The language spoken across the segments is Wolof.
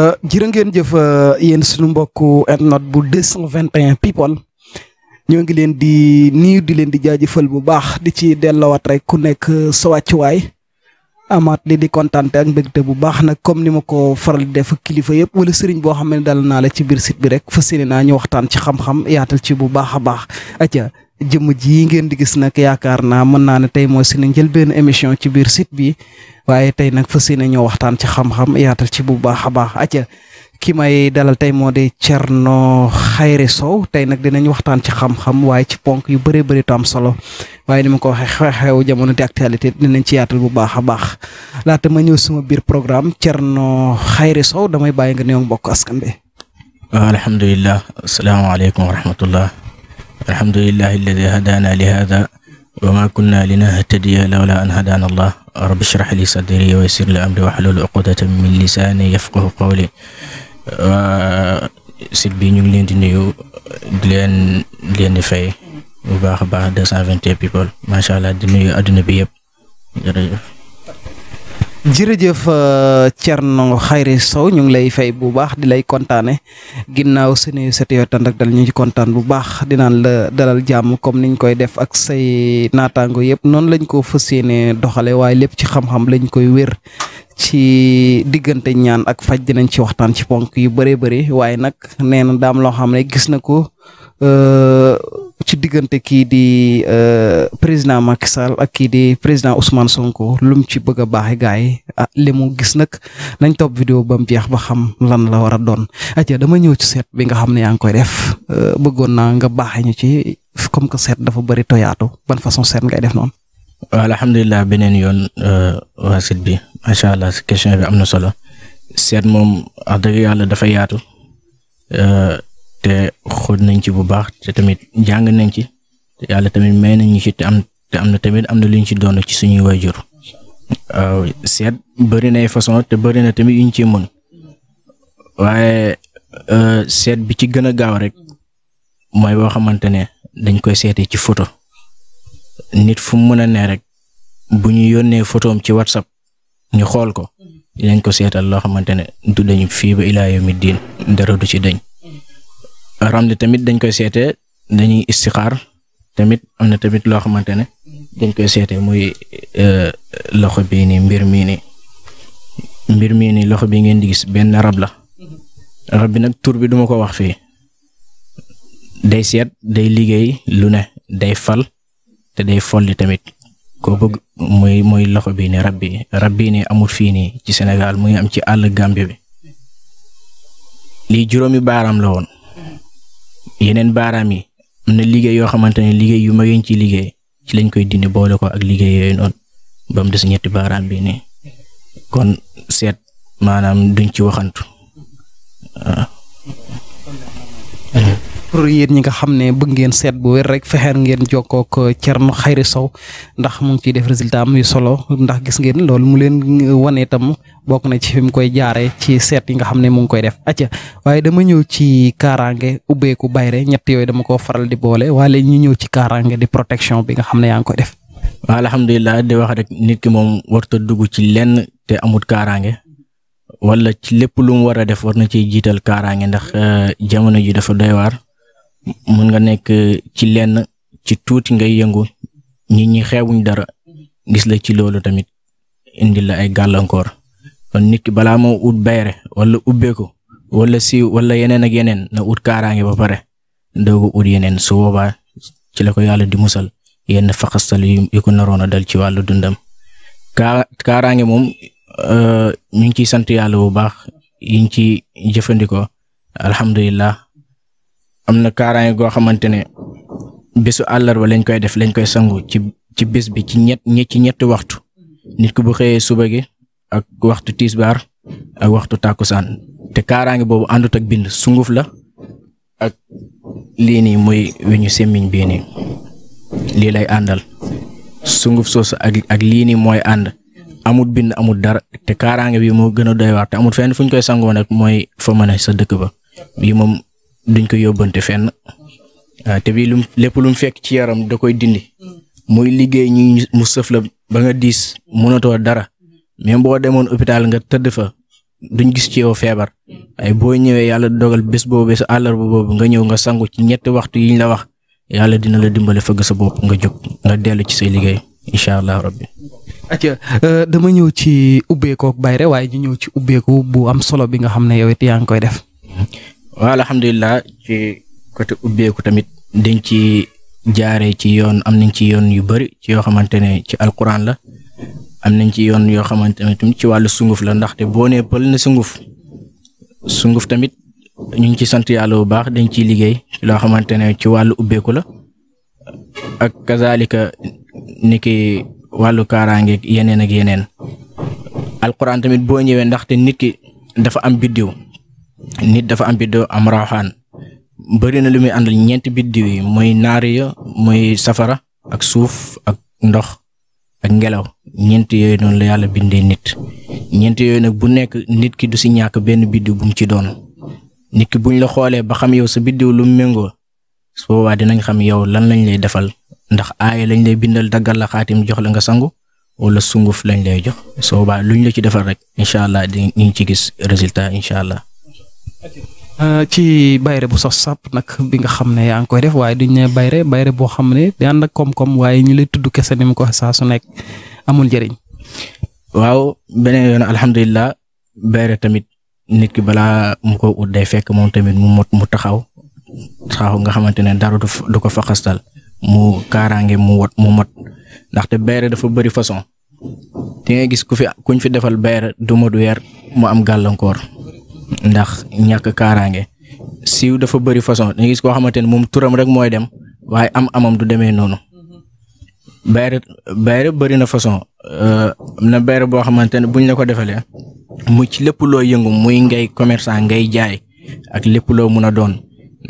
Euh, jërë ngeen jëf euh, yéen suñu mbokk internet bu 221 people ñoo ngi leen di ni di leen di jaajëfal bu baax di ci dellowaat rek ku nekk euh, sa wàccuwaay amaat li di kontaante ak mbégte bu baax na comme ni ma ko faral di def kilifa yëpp wala sëriñ boo xam ne dal naa la ci biir site bi rek fas yéene naa ñu waxtaan ci xam-xam yaatal ci bu baax a baax. jëmm ji ngeen di gis nag yaakaar naa mën naa ne tey mooy suñu njëlbéenu émission ci biir site bi waaye tey nag fas yéene ñoo waxtaan ci xam-xam yaatal ci bu baax a baax aca ki may dalal tey moo di noo Khayre Sow tey nag dinañ waxtaan ci xam-xam waaye ci ponk yu bëree bëri am solo waaye ni ma ko waxee xew jamono di actualité dinañ ci yaatal bu baax a baax laata ma ñëw suma biir programme noo Khayre Sow damay bàyyi nga nuyoog mbokk askan bi. alhamdulilah asalaamaaleykum wa rahmatullah alhamdulillahi alladi hadaana li hada wa ma kunna linahtadiya lawla an hadaana allah rabbi shrah li sadri wa yassir li min lisaani yafqahu qawli site bi ñu ngi leen di nuyu di leen di fay bu baax a baax 221 people macha allah di nuyu adduna bi yëpp jërëjëf euh, Thierno Khayri Sow ñu ngi lay fay bu baax di lay kontaane ginnaaw suñu set yoo tànd dal ñu ci kontaan bu baax dinaan la dalal jàmm comme niñ koy def ak say naataango yëpp noonu lañ ko fas yéene doxale waaye lépp ci xam-xam lañ koy wér ci diggante ñaan ak faj dinañ ci waxtaan ci ponk yu bëree bëri waaye nag nee na daam loo xam ne gis na ko. Euh, ci diggante kii di euh, président Macky Sall ak kii di président Ousmane Sonko lum ci bëgg a baaxee gars yi ah li mu gis nag nañ toog vidéo ba mu jeex ba xam lan la war a doon. atia dama ñëw ci seet bi nga xam ne yaa koy def euh, bëggoon naa nga baaxee ci comme que seet dafa bëri toyaatu ban façon seet ngay def noonu. alhamdulilah beneen yoon waa sit bi macha allah si question bi am na solo seet moom wax dëgg yàlla dafa yaatu te. nañ ci bu baax te tamit jàng nañ ci yàlla tamit may nañ ñu ci te am te am na tamit am na lu ñu ci doon ci suñuy wajur seet bëri façon te bëri na tamit yu ñu ci mën waaye euh, seet bi ci gën a gaaw rek mooy boo xamante ne dañ koy seete ci photo nit fu mu mën a ne rek bu ñu yónnee photoom ci whatsapp ñu xool ko dinañ ko seetal loo xamante ne du dañu fi ba ilaa yawmi diin dara du ci deñ tamit dañ koy seetee dañuy istixaar tamit am na tamit loo xamante ne dañ koy seetee muy eh, loxo bii nii mbir mii nii mbir mii nii loxo bii ngeen di gis benn rab la rab bi nag tur bi duma ko wax fii day seet day liggéey lu ne day fal te day folli tamit ko bëgg muy muy loxo bii nii rab bi rab bii nii amul fii nii ci senegal mu ngi am ci àll Gambie bi lii juróomi baaraam la woon. yeneen baaraam yi am na liggéey yoo xamante ne liggéey yu mag yi ci liggéey ci lañ koy dindi boole ko ak liggéey yooyu noonu ba mu des ñetti baaraam bi nii kon seet maanaam duñ ci waxantu pour yéen ñi nga xam ne bëgg ngeen seet bu wér rek fexeer ngeen jokkook uh, Thierno Khayri Sow ndax mu ngi ciy def résultat am yu solo ndax gis ngeen loolu mu leen uh, wane tam bokk na ci fi mu koy jaaree ci seet yi nga xam ne mu ngi koy def acca waaye dama ñëw ci kaaraange ubbeeku bayre ñett yooyu dama ko faral di boole waaye ñu ñëw ci kaaraange di protection bi nga xam ne yaa ngi koy def. waaw alhamdulilah di wax rek nit ki moom warut a dugg ci lenn te amut kaaraange. wala ci lépp lum mu war a def war na ciy jiital kaaraange ndax uh, jamono ji dafa doy mën nga nekk ci lenn ci tuuti ngay yëngu nit ñi xeewuñ dara gis la ci loolu tamit indi la ay gàllankoor kon nit ki balaa moo ut bayre wala ubbeeku wala si wala yeneen ak yeneen na ut kaaraange ba pare doogu ut yeneen su boobaa ci la ko yàlla di musal yenn faxastal yu ko naroon a dal ci wàllu dundam kaa ngi moom euh, ñu ngi ciy sant yàlla bu baax yiñ ci jëfandikoo alhamdulillah am na kaaraange goo xamante ne bésu àllarba lañ koy def lañ koy sangu ci ci bés bi ci ñett ci ñetti waxtu nit ku bu xëyee suba gi ak waxtu tisbaar ak waxtu tàkkusaan te kaaraange boobu àndut ak bind sunguf la ak lii nii mooy weñu semmiñ bii lii lay àndal sunguf soosu ak ak lii mooy ànd amut bind amul dara te kaaraange bi moo gën a doy waar te amul fenn fu koy sangoo nag mooy fa mën sa dëkk ba bii moom duñ ko yóbbante fenn waaw ah, te bii lu lépp lu mu fekk ci yaram da koy dindi muy liggéey ñu mu sëf la ba nga diis mënatoo dara même boo demoon hôpital nga tëdd fa duñ gis ci yow feebar waaye boo ñëwee yàlla dogal bés boobu bés àllarba boobu nga ñëw nga sangu ci ñetti waxtu yiñ la wax yàlla dina la dimbale fëgg sa bopp nga jóg nga dellu ci say liggéey incha allah rabbi euh, dama ñëw ci ubbeekook bayre waaye ñu ñëw ci ubbeeku bu am solo bi nga xam ne yow yaa ngi koy def waa alhamdulilah ci côté ubbeeku tamit dañ ci jaaree ci yoon am nañ ci yoon yu bëri ci yoo xamante ne ci alkuraan la am nañ ci yoon yoo xamante ne tamit ci wàllu sunguf la ndaxte boo nee pël na sunguf sunguf tamit ñu ngi ci sant yàlla bu baax dañ ciy liggéey loo xamante ne ci wàllu ubbeeku la ak kazalika ni ki wàllu kaaraange yeneen ak yeneen alquran tamit boo ñëwee ndaxte nit ki dafa am biddiw nit dafa am biddo am rawxaan bëri na lu muy àndal ñeenti biddiw yi muy naariya mooy safara ak suuf ak ndox ak ngelaw ñeenti yooyu noonu la yàlla bindee nit ñeenti yooyu nag bu nekk nit ki du si ñàkk benn biddiw bu mu ci doon nit ki buñ la xoolee ba xam yow sa biddiw lu mu méngoo su boobaa dinañ xam yow lan lañ lay defal ndax aaye lañ lay bindal daggal la xaatim jox la nga sangu wala sunguf lañ lay jox su boobaa ñu la ci defal rek incha allah di ñu ci gis résultat incha allah. Euh, ci bayre bu sos sàpp nag bi nga xam ne yaa ngi koy def waaye duñ ne bayre bayre boo xam ne day ànd ak koom-koom waaye ñu lay tudd kese ni mu ko saa su nekk amul njariñ waaw beneen yoon alhamdulilah bayre tamit nit ki balaa mu ko ut day fekk moom tamit mu mot mu taxaw taxaw nga xamante ne dara du ko faxastal mu kaaraange mu wot mu mot ndaxte bayre dafa bari façon. di nga gis ku fi kuñ fi defal bayre du mot weer mu am gàllankoor. ndax ñàkk kaaraange siiw dafa bëri façon dañu gis koo xamante ne moom turam rek mooy dem waaye am amam du demee noonu bayre bayre bëri na façon na bayre boo xamante ne buñ la ko defalee mu ci lépp loo yëngu muy ngay commerçant ngay jaay ak lépp loo mun a doon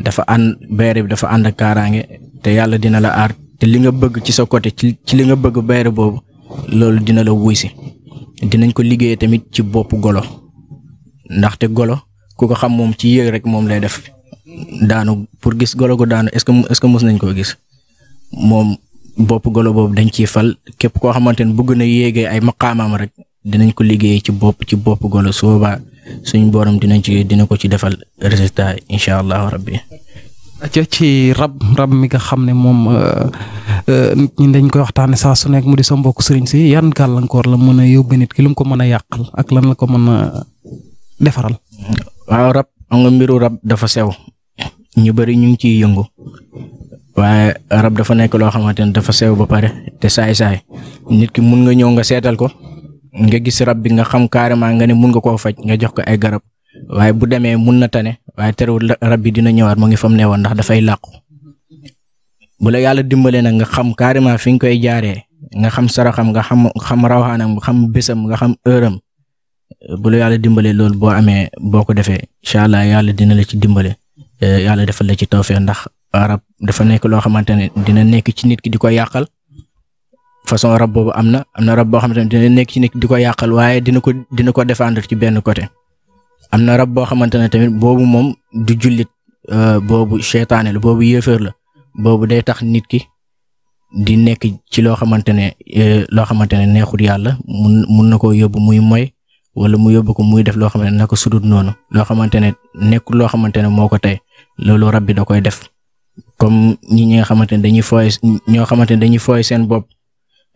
dafa ànd bayre bi dafa ànd kaaraange te yàlla dina la aar te li nga bëgg ci sa côté ci ci li nga bëgg bayre boobu loolu dina la wuy si dinañ ko liggéeyee tamit ci bopp golo ndaxte golo ku ko xam moom ci yéeg rek moom lay def daanu pour gis golo ko daanu est-ce que est-ce que nañ koo gis moom bopp golo boobu dañ ciy fal képp koo xamante ne bëgg na yéegee ay maqaamaam rek dinañ ko liggéey ci bopp ci bopp golo su boobaa suñ borom dinañ ci dina ko ci defal résultat incha allahu rabbi aca ci rab rab mi nga xam ne moom euh, euh, nit ñi dañ koy waxtaane saa su nekk mu di sa mbokk sëriñ si yan gàllankoor la mën a yóbbu nit ki lu mu ko mën a yàqal ak lan la ko mën a defaral. waaw rab am nga mbiru rab dafa sew ñu bëri ñu ngi ciy yëngu waaye rab dafa nekk loo xamante ne dafa sew ba pare te saay-saay nit ki mun nga ñëw nga seetal ko nga gis rab bi nga xam carrément nga ne mun nga koo faj nga jox ko ay garab waaye bu demee mun na tane waaye terewul rab bi dina ñëwaat mu ngi fam ne woon ndax dafay làqu bu la yàlla dimbalee nag nga xam carrément fi nga koy jaaree nga xam saraxam nga xam xam rawaanam nga xam bésam nga xam heure am bu yàlla dimbalee loolu boo amee boo ko defee incha allah yàlla dina la ci dimbale eh, yàlla defa la ci tawfeex ndax rab dafa nekk loo xamante ne dina nekk ci nit ki di ko yàqal façon rab boobu am na am boo xamante ne nekk ci nit di ko yàqal waaye dina ko dina ko défendre ci benn côté am na rab boo xamante ne tamit boobu moom du jullit eh, boobu seetaane la boobu yéeféer la boobu day tax nit ki di nekk ci loo xamante ne eh, loo xamante ne neexul yàlla mun mun na koo yóbbu muy moy wala mu yóbbu ko muy def loo xam ne naka sudut noonu loo xamante ne nekkul loo xamante ne moo ko tey loolu rab bi da koy def comme ñi ñi nga xamante ne dañuy fooy ñoo xamante ne dañuy fooy seen bopp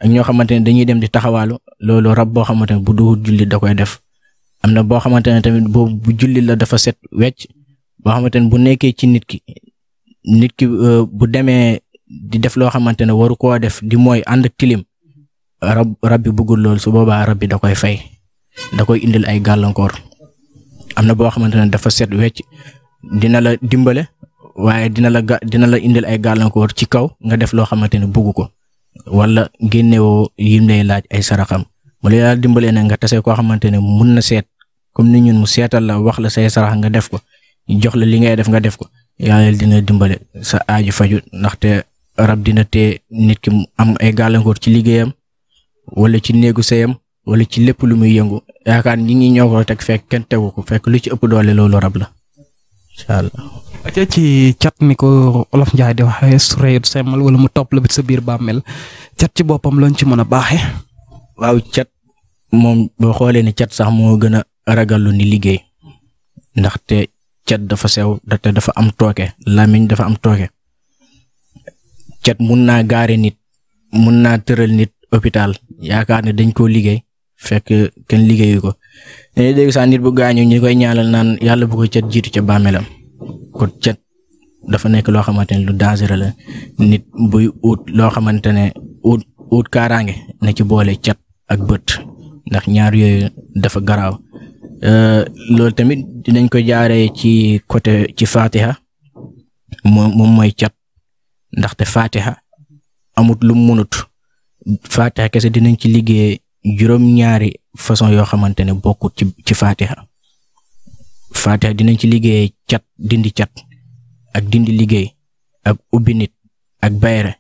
ñoo xamante ne dañuy dem di taxawaalu loolu rab boo xamante ne bu duhut jullit da koy def am na boo xamante ne tamit boobu bu jullit la dafa set wecc boo xamante ne bu nekkee ci nit ki nit ki bu demee di def loo xamante ne waru koo def di mooy ànd ak tilim rab rab bi bëggul loolu su boobaa rab bi da koy fay da koy indil ay gàllankoor am na boo xamante ne dafa set wecc dina la dimbale waaye dina la ga la indil ay gàllankoor ci kaw nga def loo xamante ne bugg ko wala génnewoo yim lay laaj ay saraxam mu la yàlla dimbalee nag nga tase koo xamante ne mun na seet comme ni ñun mu seetal la wax la say sarax nga def ko jox la li ngay def nga def ko yàlla dina dimbale sa aaju faju ndaxte rab dina tee nit ki am ay gàllankoor ci liggéeyam wala ci néegu seyam wala ci lépp lu muy yëngu yaakaar ni ñi ñoo ko teg fekk kenn tegu ko fekk lu ci ëpp doole loolu rab la incha allah. ci cat ni ko olof Njaay di waxee su reyut semmal wala mu topp la sa biir bàmmeel cat ci boppam lañ ci mën a baaxe waaw cat moom boo xoolee ne cat sax moo gën a ragallu ni liggéey ndaxte cat dafa sew te dafa am tooke làmmiñ dafa am tooke cat mun naa gaare nit mun naa tëral nit hôpital yaakaar ne dañ koo liggéey fekk kenn liggéey ko dañuy dégg sax nit bu gaañu ñu koy ñaanal naan yàlla bu ko cat jiitu ca bàmmeelam kon cat dafa nekk loo xamante ne lu dangereux la nit buy ut loo xamante ne ut ut kaaraange na ci boole cat ak bët ndax ñaar yooyu dafa garaaw euh, loolu tamit dinañ ko jaaree ci côté ci Fatiha moom moom mooy cat ndaxte Fatiha amut lu munut Fatiha kese dinañ ci liggéey juróom-ñaari façon yoo xamante ne bokkut ci ci faatiha faatiha dinañ ci liggéeyee cat dindi cat ak dindi liggéey ak ubbi nit ak bayre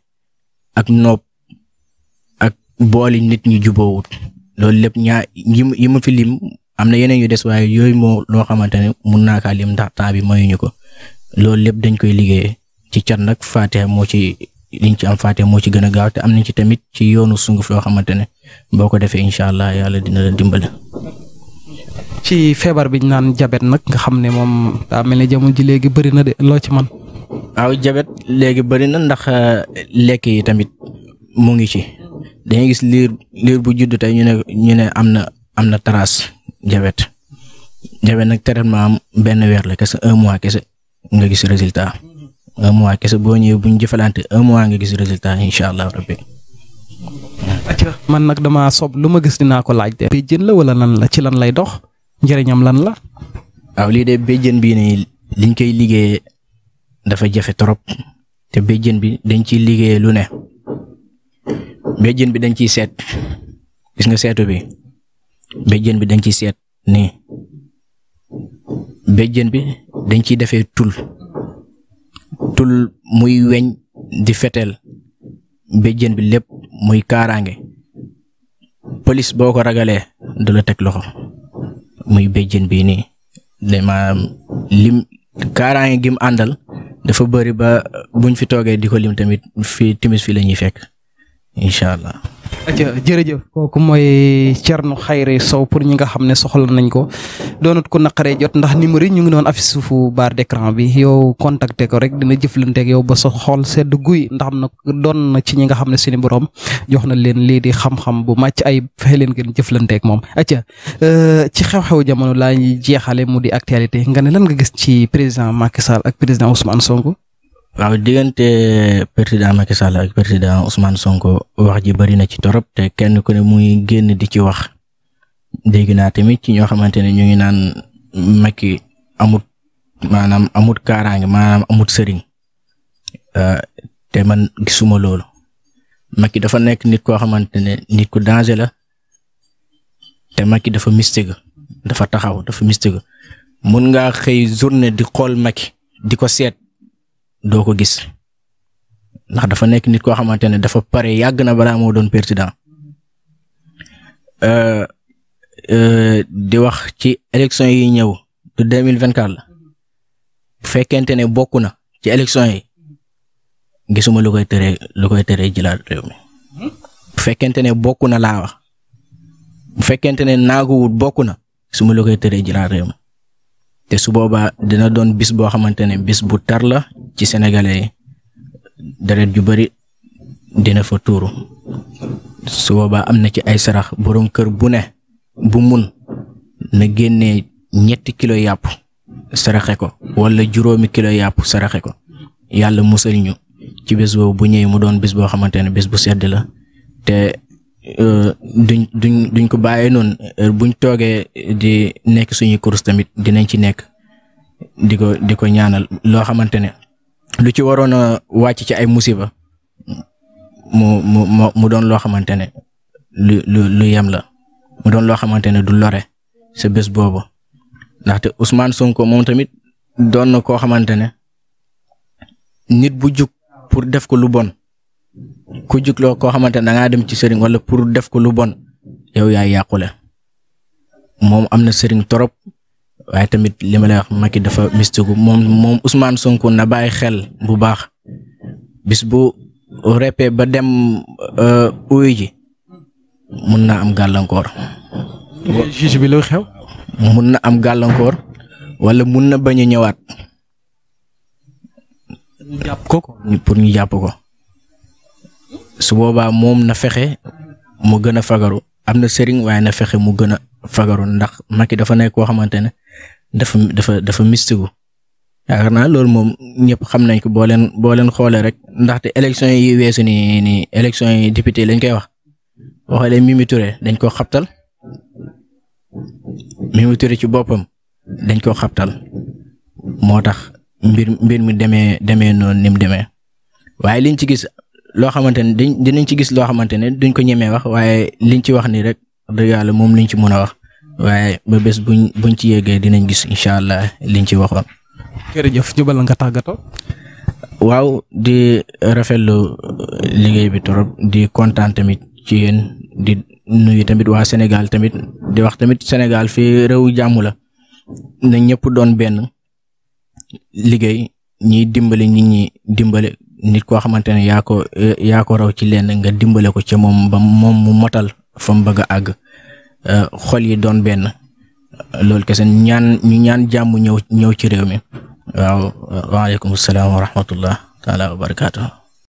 ak noob ak booli nit ñi jubóowut loolu lépp ñaa yi ma fi lim am na yeneen yu des waaye yooyu moo loo xamante ne mun naa kaa lim ndax temps bi mayuñu ko loolu lépp dañ koy liggéeyee ci cat nag faatiha moo ci liñ ci am faatiha moo ci gën a gaaw te am nañ ci tamit ci yoonu sunguf yoo xamante ne boo ko defee incha allah yàlla dina la dimbali. ci feebar bi ñu naan jabet nag nga xam ne moom daa mel ne jamono ji léegi bëri na de loo ci man waaw jabet léegi bëri na ndax euh, lekk yi tamit mu ngi ci dañuy gis liir liir bu judd tey ñu ne ñu ne am na am na trace jabet jabet nag traitement am benn weer la kese un mois kese nga gis résultat un mois kese boo ñëwee bu jëfalante un mois nga gis résultat incha allah rabbi man nag dama sob lu ma gis dinaa ko laaj de. béjjën la wala lan la ci lan lay dox njëriñam lan la. waaw lii de béjjën bi nii liñ koy liggéeyee dafa jafe trop te béjjën bi dañ ciy liggéeyee lu ne béjjën bi dañ ciy seet gis nga seetu bi béjjën bi dañ ciy seet nii béjjën bi dañ ciy defee tul tul muy weñ di feteel béjjén bi lépp muy kaaraange police boo ko ragalee du la teg loxo muy béjjén bi nii de maanaam lim kaaraange gim àndal dafa bëri ba buñ fi toogee di ko lim tamit fii timis fi la ñuy fekk incha allah. jërëjëf kooku mooy nu Khayre Sow pour ñi nga xam ne soxla nañ ko doonut ku naqaree jot ndax numéro yi ñu ngi doon affiche suufu barre d'écran bi yow contacter ko rek dina jëflanteeg yow ba sa xol sedd guy ndax am doon na ci ñi nga xam ne suñu borom jox na leen lii di xam-xam bu màcc ay fexe leen ngeen jëflanteeg moom. acca euh, ci xew-xew jamono laa ñuy jeexale mu di actualité nga ne lan nga gis ci président Macky ak président Ousmane sonku waaw diggante président Macky Sall ak président Ousmane Sonko wax ji bari na ci torop te kenn ku ne muy génn di ci wax dégg naa tamit ci ñoo xamante ne ñu ngi naan Macky amut maanaam amut kaaraange maanaam amut sëriñ euh, te man gisuma loolu Macky dafa nekk nit koo xamante ne nit ku danger la te Macky dafa mystique dafa taxaw dafa mystique mun nga xëy journée di xool Macky di ko seet. doo ko gis ndax dafa nekk nit koo xamante ne dafa pare yàgg na balaa moo doon président euh, euh, di wax ci élection yi ñëw du mille vingt quatre la bu fekkente ne bokk na ci élection yi gisuma lu koy tëree lu koy tëree jëlaat réew mi bu fekkente ne bokk na laa wax bu fekkente ne naaguwut bokk na gisuma lu koy tëree jëlaat réew mi te su boobaa dina doon bis boo xamante ne bis bu tar la ci sénégalais deret ju bari dina fa tuuru su boobaa am na ci ay sarax boroom kër bu ne bu mun na génnee ñetti kilo yàpp saraxe ko wala juróomi kilo yàpp saraxe ko yàlla musal ñu ci bés boobu bu ñëwee mu doon bés boo xamante ne bés bu sedd la te euh, duñ duñ duñ ko bàyyi noonu buñ toogee di nekk suñuy kurus tamit dinañ ci nekk di ko di ko ñaanal loo xamante ne lu ci waroon a wàcc ci ay musiba mu mu mu doon loo xamante ne lu lu lu yem la mu doon loo xamante ne du lore sa bés ndaxte Ousmane Sonko moom tamit doon na koo xamante ne nit bu jug pour def ko lu bon ku jug loo koo xamante ne da dem ci sëriñ wala pour def ko lu bon yow yaay yàqule moom am na sëriñ torop waaye tamit li ma lay wax Macky dafa mystique moom moom Ousmane Sonko na bàyyi xel bu baax bis bu reppee ba dem euh, uyu ji mun na am gàllankoor. juge bi lu xew. mun na am gàllankoor wala mun na bañ a ñëwaat. ñu jàpp ko pour ñu jàpp ko su boobaa moom na fexe mu gën a fagaru am na sëriñ waaye na fexe mu gën a fagaru ndax Macky dafa nekk koo xamante ne. dafa dafa dafa mistigu yaakaar naa loolu moom ñëpp xam nañ ko boo leen boo leen xoolee rek ndaxte élection yi weesu ni ni élection yi député lañ koy wax boo xoolee Mimi Touré dañ koo xabtal Mimi ci boppam dañ koo xabtal moo tax mbir mbir mi demee demee noonu ni mu demee waaye liñ ci gis loo xamante ne dañ dinañ ci gis loo xamante ne duñ ko ñemee wax waaye liñ ci wax nii rek dëgg yàlla moom liñ ci mën a wax waaye ba bés buñ buñ ci yéegee dinañ gis incha allah liñ ci waxoon. jërëjëf jubal nga tàggatoo. waaw di rafetlu liggéey bi torop di kontaan tamit ci yéen di nuyu tamit waa Sénégal tamit di wax tamit Sénégal fii réew jàmm la na ñëpp doon benn liggéey ñiy dimbali nit ñi dimbale nit koo xamante ne yaa ko raw ci lenn nga dimbale ko ci moom ba moom mu motal fa mu bëgg a àgg. Euh, xol yi doon benn loolu kese ñaan ñu ñaan jàmm ñëw ñëw ci réew mi waaw waaleykum salaam wa rahmatullah taala wa